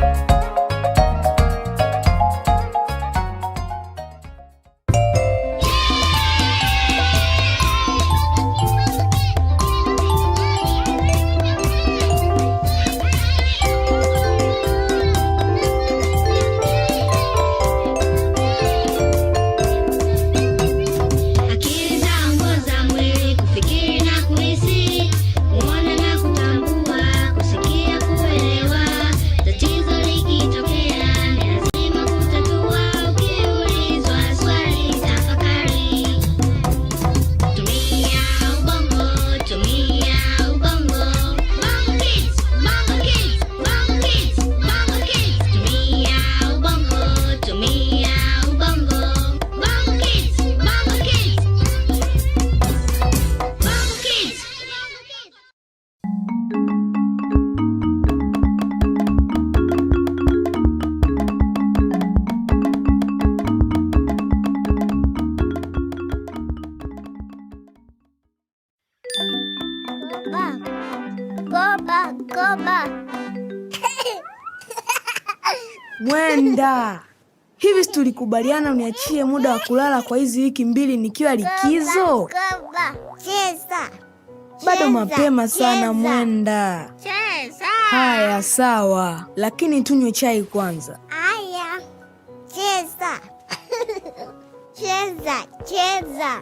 thank you tulikubaliana uniachie muda wa kulala kwa hizi wiki mbili nikiwa likizo? Bado mapema sana Mwenda. Haya, sawa, lakini tunywe chai kwanza. Haya, cheza. Cheza, cheza.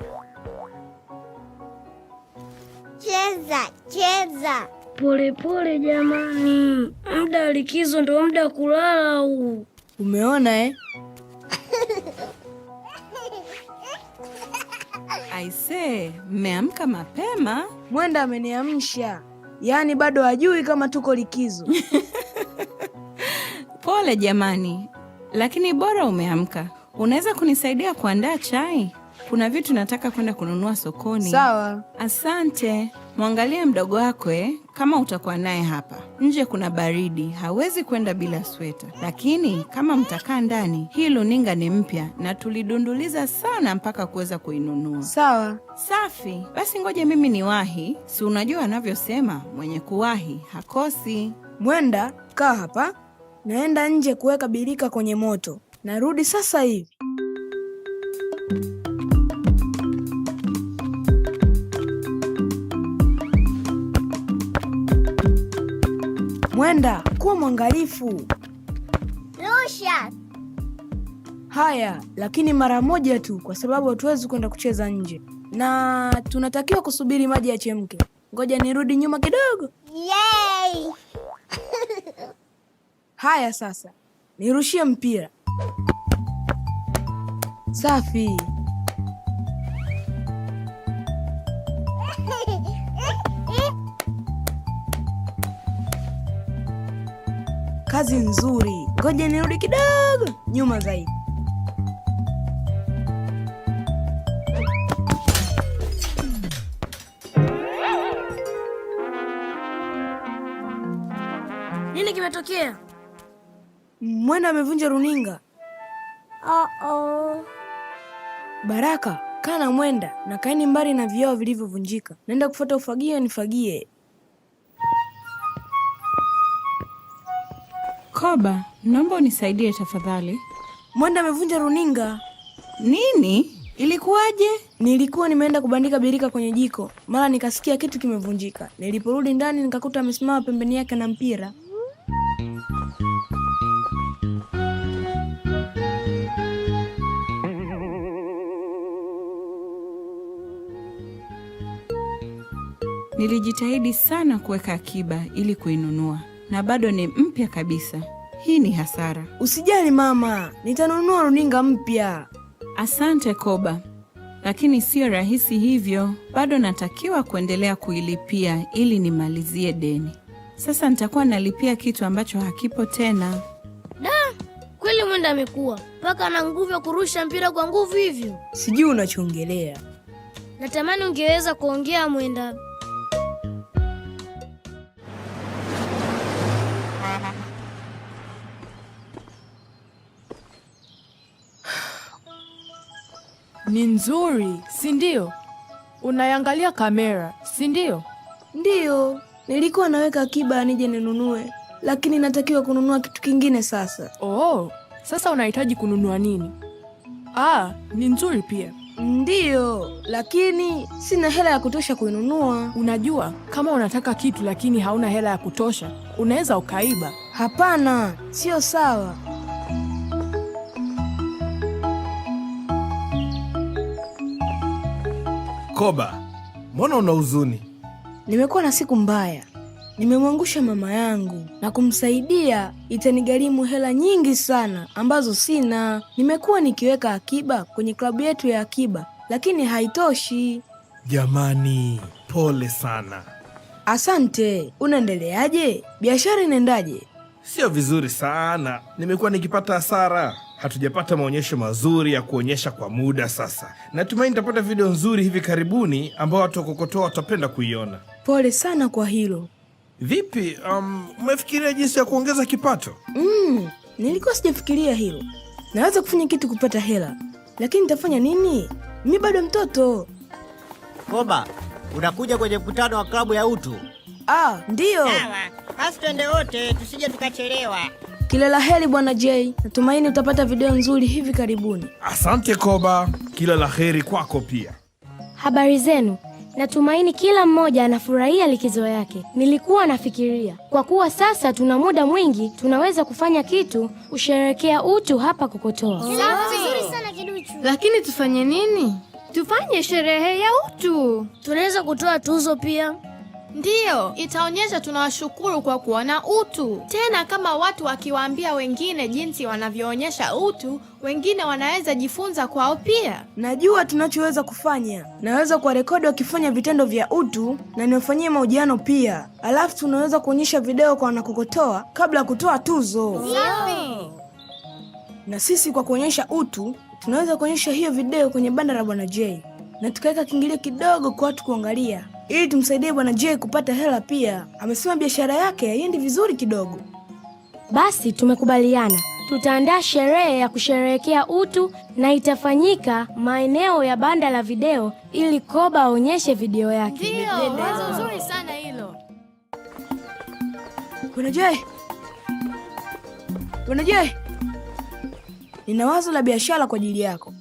Cheza, cheza. Polepole jamani, muda wa likizo ndo muda kulala huu. Umeona eh? Aisee, mmeamka mapema. Mwenda ameniamsha, yaani bado hajui kama tuko likizo. Pole jamani, lakini bora umeamka. Unaweza kunisaidia kuandaa chai? Kuna vitu nataka kwenda kununua sokoni. Sawa, asante. Mwangalie mdogo wako eh, kama utakuwa naye hapa. Nje kuna baridi, hawezi kwenda bila sweta, lakini kama mtakaa ndani, hii luninga ni mpya na tulidunduliza sana mpaka kuweza kuinunua. Sawa, safi. Basi ngoja mimi niwahi, si unajua anavyosema mwenye kuwahi hakosi. Mwenda, kaa hapa, naenda nje kuweka birika kwenye moto, narudi sasa hivi. Wenda, kuwa mwangalifu. Rusha. Haya, lakini mara moja tu, kwa sababu hatuwezi kwenda kucheza nje na tunatakiwa kusubiri maji yachemke. Ngoja nirudi nyuma kidogo. Yay! Haya sasa, nirushie mpira. Safi. kazi nzuri. Ngoja nirudi kidogo nyuma zaidi. Nini kimetokea? Mwenda amevunja runinga. uh -oh. Baraka, kaa na Mwenda na kaeni mbali na vioo vilivyovunjika. Naenda kufuata ufagio nifagie. Koba, naomba unisaidie tafadhali. Mwenda amevunja runinga. Nini? Ilikuwaje? Nilikuwa nimeenda kubandika birika kwenye jiko, mara nikasikia kitu kimevunjika. Niliporudi ndani nikakuta amesimama pembeni yake na mpira. Nilijitahidi sana kuweka akiba ili kuinunua na bado ni mpya kabisa. Hii ni hasara. Usijali mama, nitanunua runinga mpya. Asante Koba, lakini siyo rahisi hivyo. Bado natakiwa kuendelea kuilipia ili nimalizie deni. Sasa nitakuwa nalipia kitu ambacho hakipo tena. Da, kweli mwenda amekuwa mpaka ana nguvu ya kurusha mpira kwa nguvu hivyo. Sijui unachongelea. Natamani ungeweza kuongea mwenda. ni nzuri, si ndio? Unaiangalia kamera, si ndio? Ndiyo, nilikuwa naweka akiba nije ninunue, lakini natakiwa kununua kitu kingine sasa. Oh, sasa unahitaji kununua nini? Ah, ni nzuri pia. Ndiyo, lakini sina hela ya kutosha kuinunua. Unajua, kama unataka kitu lakini hauna hela ya kutosha, unaweza ukaiba. Hapana, sio sawa. Koba, mbona una huzuni? Nimekuwa na siku mbaya, nimemwangusha mama yangu na kumsaidia itanigharimu hela nyingi sana ambazo sina. Nimekuwa nikiweka akiba kwenye klabu yetu ya akiba, lakini haitoshi. Jamani, pole sana. Asante. Unaendeleaje? Biashara inaendaje? Sio vizuri sana, nimekuwa nikipata hasara hatujapata maonyesho mazuri ya kuonyesha kwa muda sasa. Natumaini nitapata video nzuri hivi karibuni ambao watu wakokotoa watapenda kuiona. Pole sana kwa hilo. Vipi, um, umefikiria jinsi ya kuongeza kipato? Mm, nilikuwa sijafikiria hilo. Naweza kufanya kitu kupata hela, lakini nitafanya nini? Mi bado mtoto. Koba, unakuja kwenye mkutano wa klabu ya utu? Ah, ndiyo. Sawa, basi twende wote, tusije tukachelewa. Kila la heri Bwana J, natumaini utapata video nzuri hivi karibuni. Asante Koba, kila la heri kwako pia. Habari zenu, natumaini kila mmoja anafurahia likizo yake. Nilikuwa nafikiria kwa kuwa sasa tuna muda mwingi, tunaweza kufanya kitu kusherekea utu hapa Kokotoa. Wow. Lakini tufanye nini? Tufanye sherehe ya utu. Tunaweza kutoa tuzo pia. Ndiyo, itaonyesha tunawashukuru kwa kuona utu. Tena kama watu wakiwaambia wengine jinsi wanavyoonyesha utu, wengine wanaweza jifunza kwao pia. Najua tunachoweza kufanya. Naweza kuwarekodi wakifanya vitendo vya utu na niwafanyie mahojiano pia, alafu tunaweza kuonyesha video kwa wanakokotoa kabla ya kutoa tuzo. Safi. Na sisi kwa kuonyesha utu tunaweza kuonyesha hiyo video kwenye banda la Bwana J na tukaweka kiingilio kidogo kwa watu kuangalia ili tumsaidie bwana J kupata hela pia. Amesema biashara yake haiendi vizuri kidogo. Basi tumekubaliana, tutaandaa sherehe ya kusherehekea utu na itafanyika maeneo ya banda la video ili Koba aonyeshe video yake. Ndio, wazo nzuri sana hilo. Bwana J, Bwana J, nina wazo la biashara kwa ajili yako.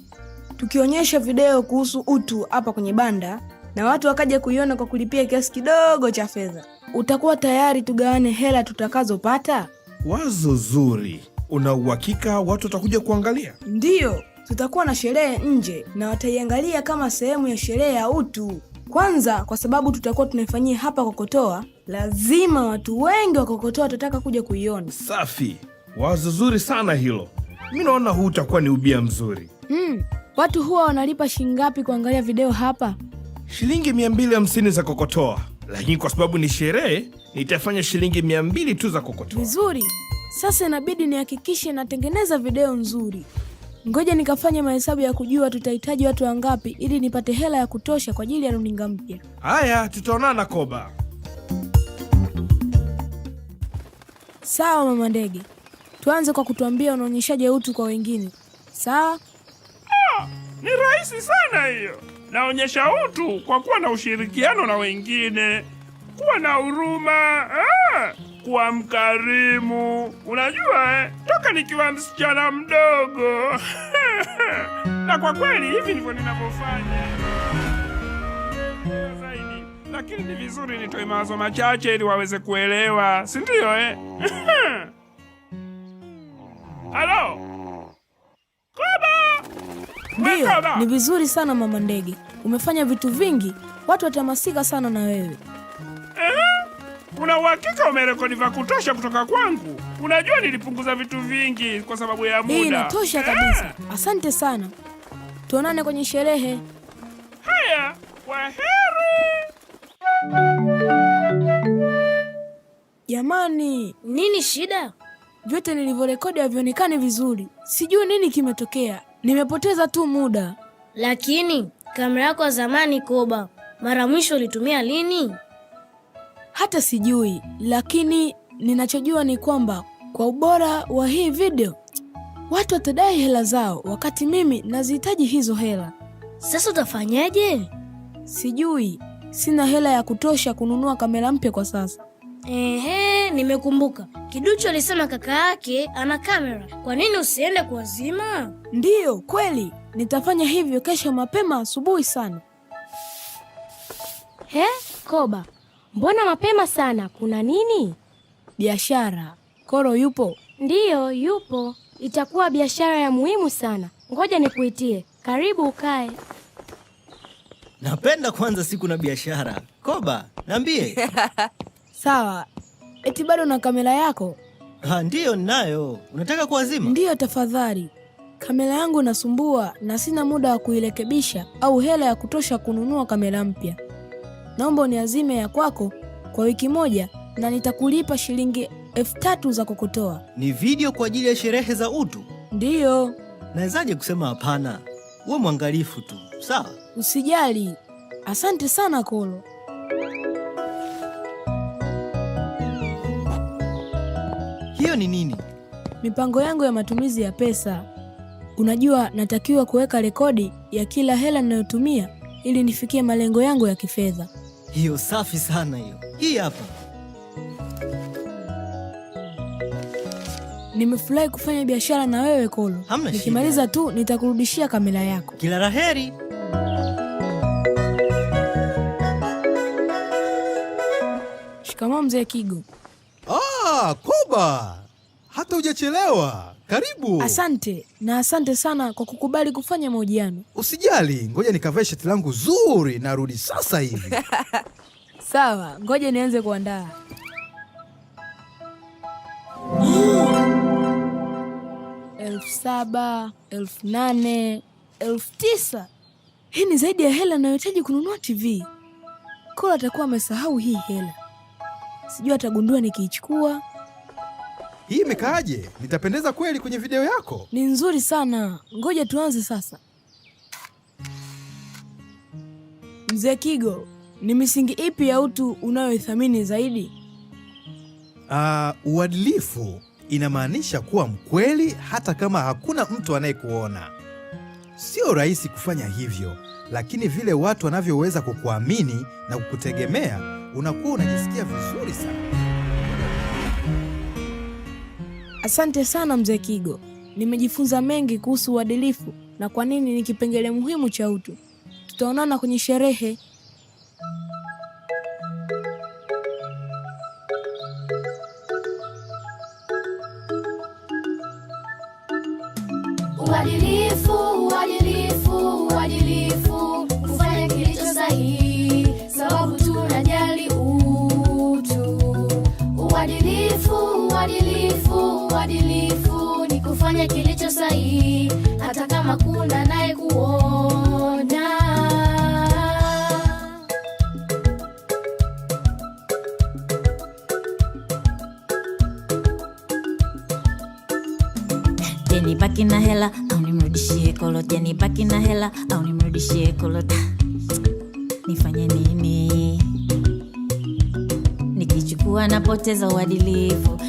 Tukionyesha video kuhusu utu hapa kwenye banda na watu wakaja kuiona kwa kulipia kiasi kidogo cha fedha, utakuwa tayari tugawane hela tutakazopata? Wazo zuri. Una uhakika watu watakuja kuangalia? Ndiyo, tutakuwa na sherehe nje na wataiangalia kama sehemu ya sherehe ya utu. Kwanza kwa sababu tutakuwa tunaifanyia hapa Kokotoa, lazima watu wengi wa Kokotoa watataka kuja kuiona. Safi, wazo zuri sana hilo. Mi naona huu utakuwa ni ubia mzuri. Mm, watu huwa wanalipa shilingi ngapi kuangalia video hapa? shilingi 250 za kokotoa, lakini kwa sababu ni sherehe nitafanya shilingi 200 tu za kokotoa. Vizuri, sasa inabidi nihakikishe natengeneza video nzuri. Ngoja nikafanye mahesabu ya kujua tutahitaji watu wangapi ili nipate hela ya kutosha kwa ajili ya runinga mpya. Haya, tutaonana Koba. Sawa mama ndege, tuanze kwa kutuambia unaonyeshaje utu kwa wengine. Sawa. Ah, ni rahisi sana hiyo naonyesha utu kwa kuwa na ushirikiano na wengine, kuwa na huruma, ah, kuwa mkarimu. Unajua eh, toka nikiwa msichana mdogo na kwa kweli hivi ndivyo ninavyofanya lakini ni vizuri nitoe mawazo machache ili waweze kuelewa, si ndio eh? Halo ndiyo, ni vizuri sana mama ndege umefanya vitu vingi, watu watamasika sana na wewe. Eh, una uhakika umerekodi vya kutosha kutoka kwangu? Unajua nilipunguza vitu vingi kwa sababu ya muda. Hii inatosha eh? kabisa. Eh, asante sana, tuonane kwenye sherehe. Haya, kwaheri. Jamani, nini shida? Vyote nilivyorekodi havionekani vizuri, sijui nini kimetokea. Nimepoteza tu muda, lakini Kamera yako ya zamani Koba, mara mwisho ulitumia lini? Hata sijui, lakini ninachojua ni kwamba kwa ubora wa hii video watu watadai hela zao, wakati mimi nazihitaji hizo hela. Sasa utafanyaje? Sijui, sina hela ya kutosha kununua kamera mpya kwa sasa. Ehe, nimekumbuka. Kiduchu alisema kaka yake ana kamera. Kwa nini usiende kuwazima? Ndiyo kweli. Nitafanya hivyo kesho mapema asubuhi sana. He, Koba, mbona mapema sana? Kuna nini? Biashara. Koro yupo? Ndiyo, yupo. Itakuwa biashara ya muhimu sana. Ngoja nikuitie. Karibu ukae. Napenda kwanza siku na biashara. Koba, niambie. Sawa. Eti bado na kamera yako? Ha, ah, ndiyo ninayo. Unataka kuwazima? Ndiyo, tafadhali kamera yangu inasumbua na sina muda wa kuirekebisha au hela ya kutosha kununua kamera mpya. Naomba uniazime ya kwako kwa wiki moja na nitakulipa shilingi elfu tatu za kokotoa Ni video kwa ajili ya sherehe za utu? Ndiyo. Nawezaje kusema hapana? Uwe mwangalifu tu, sawa? Usijali. Asante sana Kolo. Hiyo ni nini? Mipango yangu ya matumizi ya pesa. Unajua, natakiwa kuweka rekodi ya kila hela ninayotumia ili nifikie malengo yangu ya kifedha. Hiyo safi sana hiyo. Hii hapa. Nimefurahi kufanya biashara na wewe Kolo. Nikimaliza tu nitakurudishia kamera yako. Kila laheri. Shikamoo mzee Kigo. Ah, Koba, hata hujachelewa. Karibu. Asante na asante sana kwa kukubali kufanya mahojiano. Usijali, ngoja nikavae shati langu zuri, narudi sasa hivi. Sawa, ngoja nianze kuandaa. elfu saba, elfu nane, elfu tisa. Hii ni zaidi ya hela anayohitaji kununua TV. Kola atakuwa amesahau hii hela, sijui atagundua nikiichukua hii imekaaje? Nitapendeza kweli kwenye video yako? Ni nzuri sana. Ngoja tuanze sasa. Mzee Kigo, ni misingi ipi ya utu unayoithamini zaidi? Uh, uadilifu inamaanisha kuwa mkweli hata kama hakuna mtu anayekuona. Sio rahisi kufanya hivyo, lakini vile watu wanavyoweza kukuamini na kukutegemea, unakuwa unajisikia vizuri sana. Asante sana mzee Kigo, nimejifunza mengi kuhusu uadilifu na kwa nini ni kipengele muhimu cha utu. Tutaonana kwenye sherehe. kama kuna naye kuona. Jeni baki na hela au nimrudishie Kolo? Jeni baki na hela au nimrudishie kolot Nifanye nini? Nikichukua napoteza uadilifu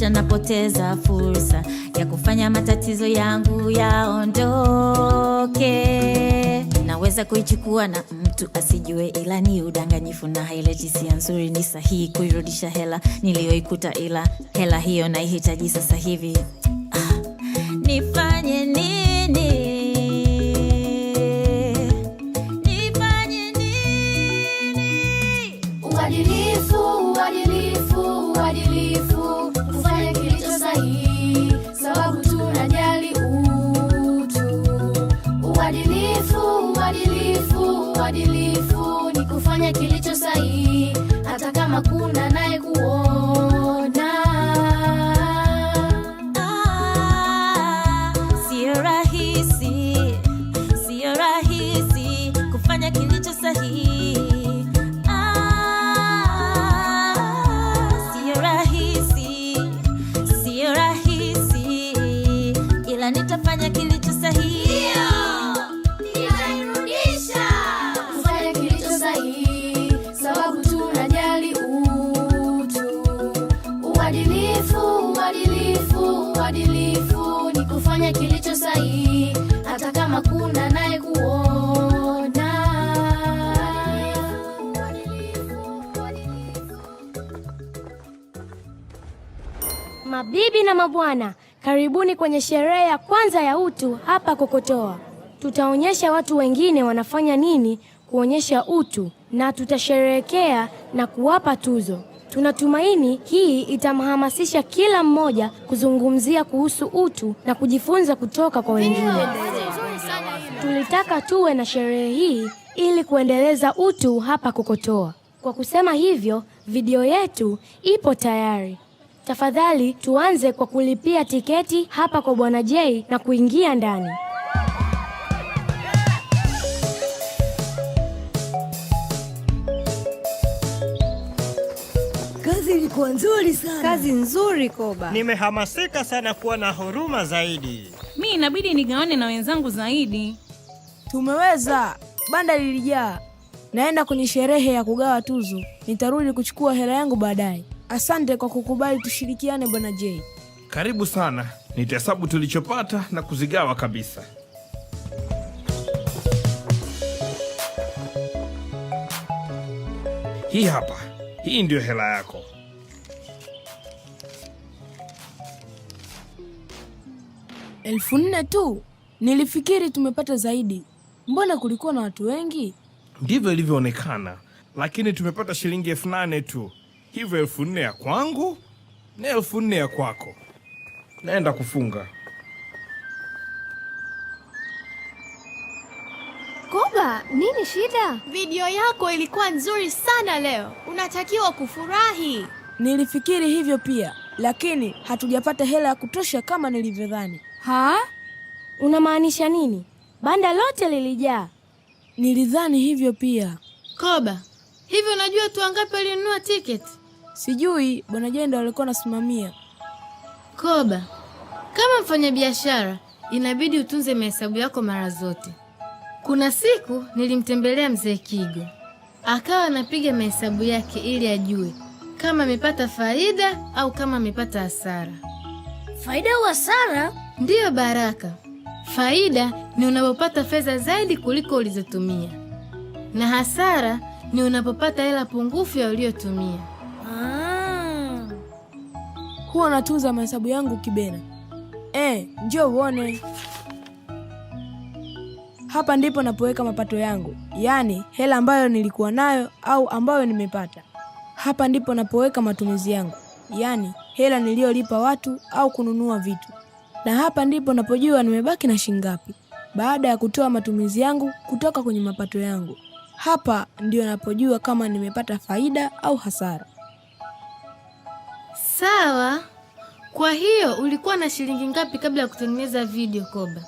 kisha napoteza fursa ya kufanya matatizo yangu yaondoke. Naweza kuichukua na mtu asijue, ila ni udanganyifu na haileti hisia nzuri. Ni sahihi kuirudisha hela niliyoikuta, ila hela hiyo naihitaji sasa hivi. Ah, nifanye nini? Mabibi na mabwana, karibuni kwenye sherehe ya kwanza ya utu hapa Kokotoa. Tutaonyesha watu wengine wanafanya nini kuonyesha utu na tutasherehekea na kuwapa tuzo. Tunatumaini hii itamhamasisha kila mmoja kuzungumzia kuhusu utu na kujifunza kutoka kwa wengine. Tulitaka tuwe na sherehe hii ili kuendeleza utu hapa Kokotoa. Kwa kusema hivyo, video yetu ipo tayari. Tafadhali tuanze kwa kulipia tiketi hapa kwa Bwana J na kuingia ndani. Kazi ilikuwa nzuri sana. Kazi nzuri Koba. Nimehamasika sana kuwa na huruma zaidi. Mi inabidi nigawane na wenzangu zaidi. Tumeweza. Banda lilijaa. Naenda kwenye sherehe ya kugawa tuzo. Nitarudi kuchukua hela yangu baadaye. Asante kwa kukubali tushirikiane, Bwana J. Karibu sana, nitahesabu tulichopata na kuzigawa kabisa. Hii hapa, hii ndiyo hela yako. Elfu nne tu? Nilifikiri tumepata zaidi. Mbona kulikuwa na watu wengi? Ndivyo ilivyoonekana, lakini tumepata shilingi elfu nane tu hivyo elfu nne ya kwangu na elfu nne ya kwako. Naenda kufunga Koba. Nini shida? Video yako ilikuwa nzuri sana leo, unatakiwa kufurahi. Nilifikiri hivyo pia, lakini hatujapata hela ya kutosha kama nilivyodhani. Ha? Unamaanisha nini? Banda lote lilijaa. Nilidhani hivyo pia. Koba, hivyo unajua tu wangapi walinunua tiketi? Sijui bwana Jai ndo alikuwa anasimamia. Koba, kama mfanyabiashara inabidi utunze mahesabu yako mara zote. Kuna siku nilimtembelea mzee Kigo, akawa anapiga mahesabu yake ili ajue kama amepata faida au kama amepata hasara. Faida au hasara? Ndiyo Baraka, faida ni unapopata fedha zaidi kuliko ulizotumia, na hasara ni unapopata hela pungufu ya uliyotumia. Ah. Huwa natunza mahesabu yangu kibena. Eh, njoo uone. Hapa ndipo napoweka mapato yangu, yaani hela ambayo nilikuwa nayo au ambayo nimepata. Hapa ndipo napoweka matumizi yangu, yaani hela niliyolipa watu au kununua vitu, na hapa ndipo napojua nimebaki na shingapi baada ya kutoa matumizi yangu kutoka kwenye mapato yangu. Hapa ndio napojua kama nimepata faida au hasara. Sawa. Kwa hiyo ulikuwa na shilingi ngapi kabla ya kutengeneza video Koba?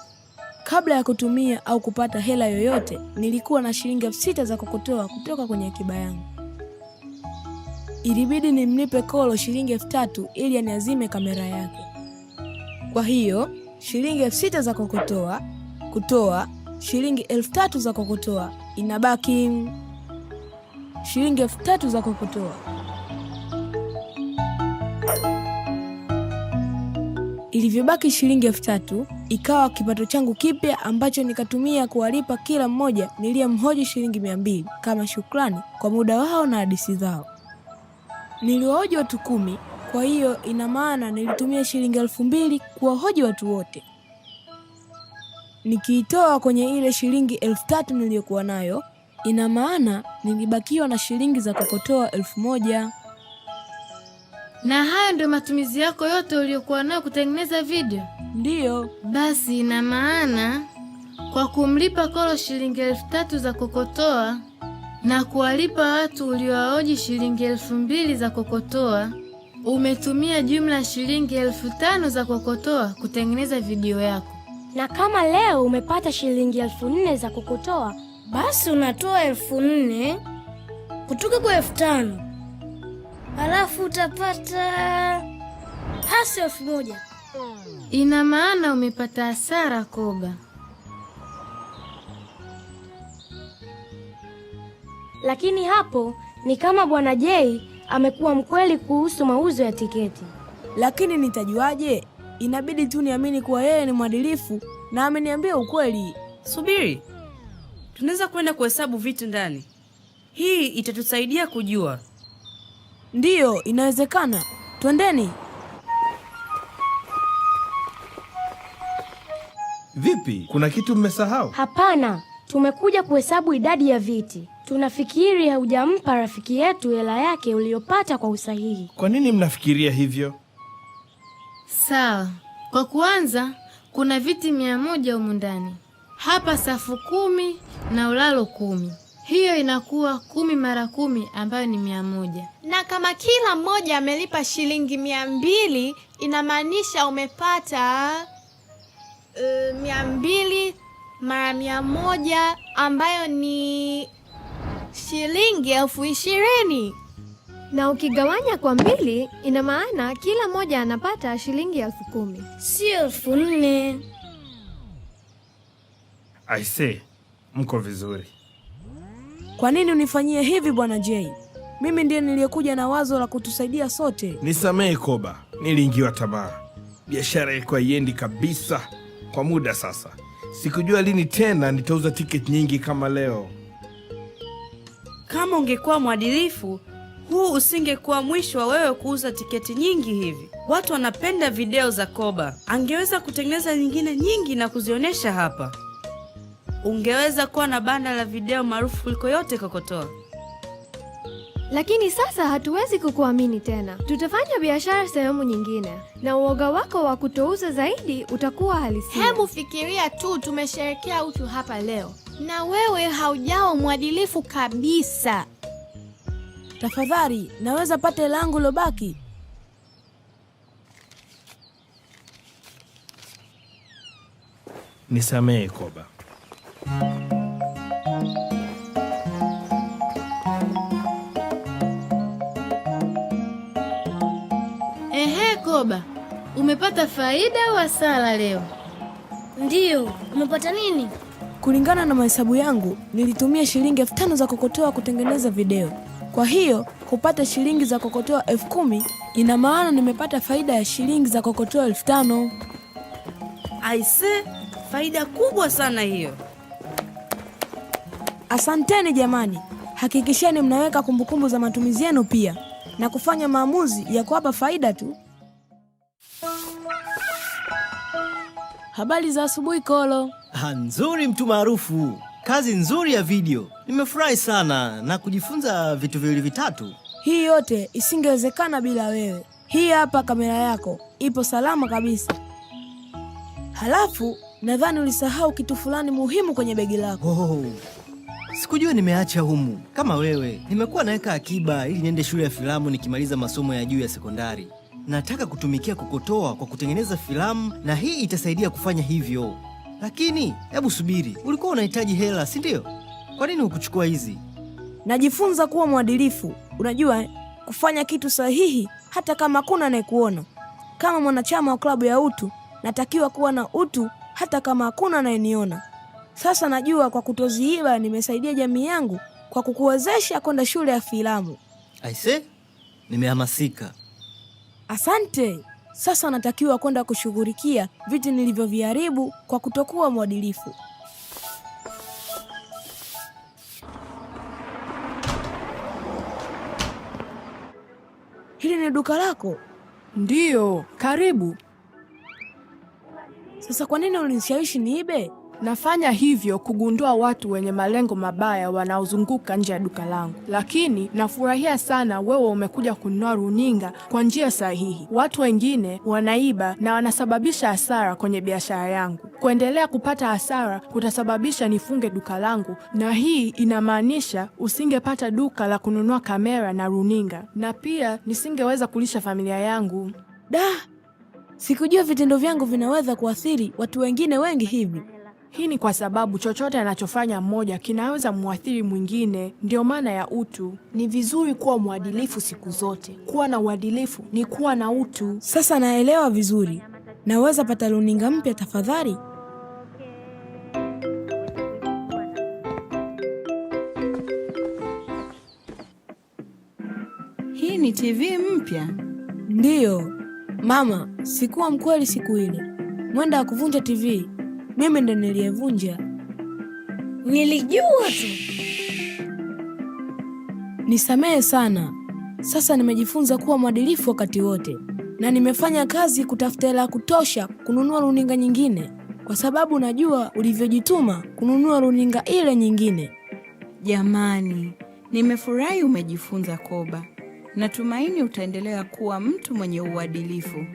Kabla ya kutumia au kupata hela yoyote, nilikuwa na shilingi elfu sita za kukotoa kutoka kwenye akiba yangu. Ilibidi nimlipe Kolo shilingi elfu tatu ili aniazime kamera yake. Kwa hiyo shilingi elfu sita za kukotoa kutoa shilingi elfu tatu za kukotoa, inabaki shilingi elfu tatu za kukotoa. Ilivyobaki shilingi elfu tatu ikawa kipato changu kipya ambacho nikatumia kuwalipa kila mmoja niliyemhoji shilingi mia mbili kama shukrani kwa muda wao na hadisi zao. Niliwahoji watu kumi, kwa hiyo ina maana nilitumia shilingi elfu mbili kuwahoji watu wote, nikiitoa kwenye ile shilingi elfu tatu niliyokuwa nayo, ina maana nilibakiwa na shilingi za kokotoa elfu moja. Na hayo ndio matumizi yako yote uliyokuwa nayo kutengeneza video? Ndiyo. Basi ina maana kwa kumlipa Kolo shilingi elfu tatu za kokotoa na kuwalipa watu uliowaoji shilingi elfu mbili za kokotoa umetumia jumla ya shilingi elfu tano za kokotoa kutengeneza video yako, na kama leo umepata shilingi elfu nne za kokotoa, basi unatoa elfu nne kutoka kwa elfu tano halafu utapata hasi elfu moja. Ina maana umepata hasara Koba, lakini hapo ni kama Bwana Jei amekuwa mkweli kuhusu mauzo ya tiketi. Lakini nitajuaje? Inabidi tu niamini kuwa yeye ni mwadilifu na ameniambia ukweli. Subiri, tunaweza kwenda kuhesabu vitu ndani. Hii itatusaidia kujua Ndiyo, inawezekana. Twendeni. Vipi, kuna kitu mmesahau? Hapana, tumekuja kuhesabu idadi ya viti. Tunafikiri haujampa rafiki yetu hela yake uliyopata kwa usahihi. Kwa nini mnafikiria hivyo? Sawa, kwa kuanza, kuna viti mia moja humu ndani, hapa safu kumi na ulalo kumi. Hiyo inakuwa kumi mara kumi ambayo ni mia moja, na kama kila mmoja amelipa shilingi mia mbili inamaanisha umepata uh, mia mbili mara mia moja ambayo ni shilingi elfu ishirini na ukigawanya kwa mbili ina maana kila mmoja anapata shilingi elfu kumi sio elfu nne. aise mko vizuri. Kwa nini unifanyie hivi bwana J? Mimi ndiye niliyekuja na wazo la kutusaidia sote. Nisamehe Koba, niliingiwa tamaa. Biashara ilikuwa iendi kabisa kwa muda sasa. Sikujua lini tena nitauza tiketi nyingi kama leo. Kama ungekuwa mwadilifu, huu usingekuwa mwisho wa wewe kuuza tiketi nyingi hivi. Watu wanapenda video za Koba, angeweza kutengeneza nyingine nyingi na kuzionyesha hapa ungeweza kuwa na banda la video maarufu kuliko yote Kokotoa. Lakini sasa hatuwezi kukuamini tena, tutafanya biashara sehemu nyingine, na uoga wako wa kutouza zaidi utakuwa halisi Hebu fikiria tu, tumesherekea utu hapa leo na wewe haujawa mwadilifu kabisa. Tafadhali, naweza pate langu lobaki? Nisamehe Koba, Ehe, Koba, umepata faida au hasara leo? Ndiyo. Umepata nini? Kulingana na mahesabu yangu, nilitumia shilingi elfu tano za kokotoa kutengeneza video. Kwa hiyo kupata shilingi za kokotoa elfu kumi ina maana nimepata faida ya shilingi za kokotoa elfu tano. Aise, faida kubwa sana hiyo. Asanteni jamani, hakikisheni mnaweka kumbukumbu za matumizi yenu pia na kufanya maamuzi ya kuwapa faida tu. Habari za asubuhi Kolo. Ha, ah, nzuri mtu maarufu. Kazi nzuri ya video, nimefurahi sana na kujifunza vitu viwili vitatu. Hii yote isingewezekana bila wewe. Hii hapa kamera yako ipo salama kabisa. Halafu nadhani ulisahau kitu fulani muhimu kwenye begi lako. Oh. Sikujua nimeacha humu kama wewe. Nimekuwa naweka akiba ili niende shule ya filamu nikimaliza masomo ya juu ya sekondari. Nataka kutumikia kokotoa kwa kutengeneza filamu, na hii itasaidia kufanya hivyo. Lakini hebu subiri, ulikuwa unahitaji hela, si ndio? Kwa nini hukuchukua hizi? Najifunza kuwa mwadilifu, unajua, kufanya kitu sahihi hata kama hakuna anayekuona. Kama mwanachama wa klabu ya utu, natakiwa kuwa na utu hata kama hakuna anayeniona. Sasa najua kwa kutoziiba nimesaidia jamii yangu kwa kukuwezesha kwenda shule ya filamu. Aise, nimehamasika. Asante. Sasa natakiwa kwenda kushughulikia vitu nilivyoviharibu kwa kutokuwa mwadilifu. Hili ni duka lako? Ndiyo, karibu. Sasa kwa nini ulinishawishi niibe? Nafanya hivyo kugundua watu wenye malengo mabaya wanaozunguka nje ya duka langu, lakini nafurahia sana wewe umekuja kununua runinga kwa njia sahihi. Watu wengine wanaiba na wanasababisha hasara kwenye biashara yangu. Kuendelea kupata hasara kutasababisha nifunge duka langu, na hii inamaanisha usingepata duka la kununua kamera na runinga, na pia nisingeweza kulisha familia yangu. Da, sikujua vitendo vyangu vinaweza kuathiri watu wengine wengi hivi. Hii ni kwa sababu chochote anachofanya mmoja kinaweza mwathiri mwingine, ndio maana ya utu. Ni vizuri kuwa mwadilifu siku zote. Kuwa na uadilifu ni kuwa na utu. Sasa naelewa vizuri. Naweza pata runinga mpya tafadhali? Hii ni TV mpya? Ndiyo mama, sikuwa mkweli siku ile, mwenda kuvunja TV. Mimi ndo niliyevunja. Nilijua tu. Nisamehe sana. Sasa nimejifunza kuwa mwadilifu wakati wote, na nimefanya kazi kutafuta hela ya kutosha kununua runinga nyingine, kwa sababu najua ulivyojituma kununua runinga ile nyingine. Jamani, nimefurahi umejifunza Koba. Natumaini utaendelea kuwa mtu mwenye uadilifu.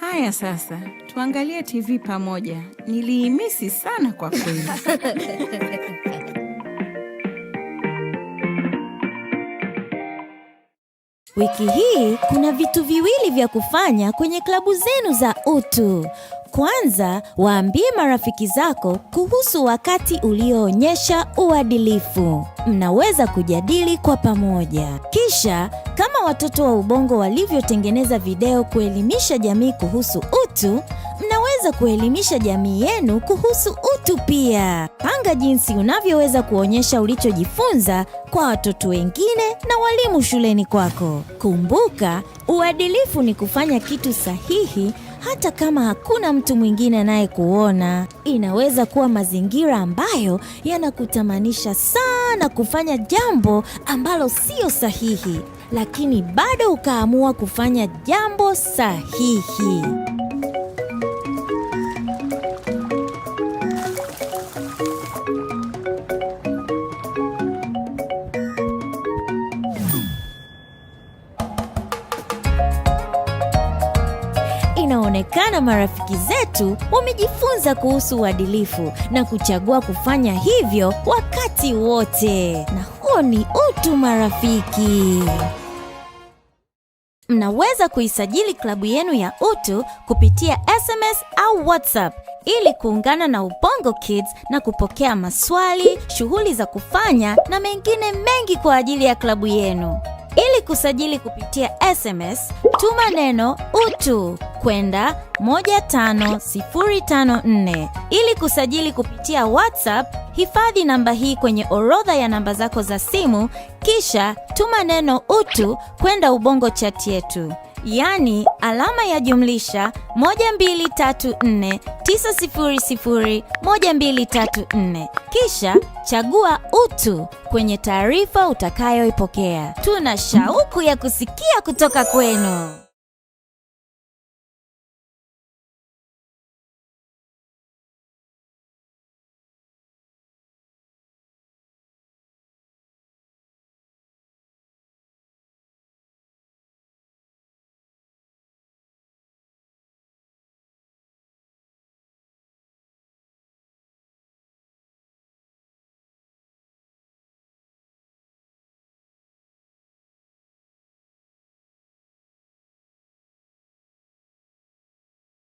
Haya sasa, tuangalie TV pamoja. Niliimisi sana kwa kweli. Wiki hii kuna vitu viwili vya kufanya kwenye klabu zenu za utu. Kwanza waambie marafiki zako kuhusu wakati ulioonyesha uadilifu. Mnaweza kujadili kwa pamoja. Kisha kama watoto wa Ubongo walivyotengeneza video kuelimisha jamii kuhusu utu, mnaweza kuelimisha jamii yenu kuhusu utu pia. Panga jinsi unavyoweza kuonyesha ulichojifunza kwa watoto wengine na walimu shuleni kwako. Kumbuka, uadilifu ni kufanya kitu sahihi hata kama hakuna mtu mwingine anayekuona. Inaweza kuwa mazingira ambayo yanakutamanisha sana kufanya jambo ambalo sio sahihi, lakini bado ukaamua kufanya jambo sahihi. na marafiki zetu wamejifunza kuhusu uadilifu na kuchagua kufanya hivyo wakati wote, na huo ni utu marafiki. Mnaweza kuisajili klabu yenu ya utu kupitia SMS au WhatsApp ili kuungana na Ubongo Kids na kupokea maswali, shughuli za kufanya na mengine mengi kwa ajili ya klabu yenu. Ili kusajili kupitia SMS, tuma neno utu kwenda 15054. Ili kusajili kupitia WhatsApp, hifadhi namba hii kwenye orodha ya namba zako za simu, kisha tuma neno utu kwenda Ubongo Chat yetu yani alama ya jumlisha 1234900124 kisha chagua utu kwenye taarifa utakayoipokea. Tuna shauku ya kusikia kutoka kwenu.